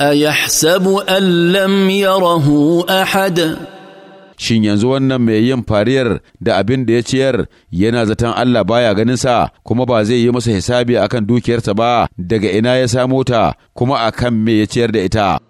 أيحسب أن لم يره أحد Shin yanzu wannan mai yin fariyar da abin da ya ciyar yana zaton Allah baya ganinsa kuma ba zai yi masa hisabi akan dukiyarsa ba daga ina ya samo ta kuma akan me ya ciyar da ita.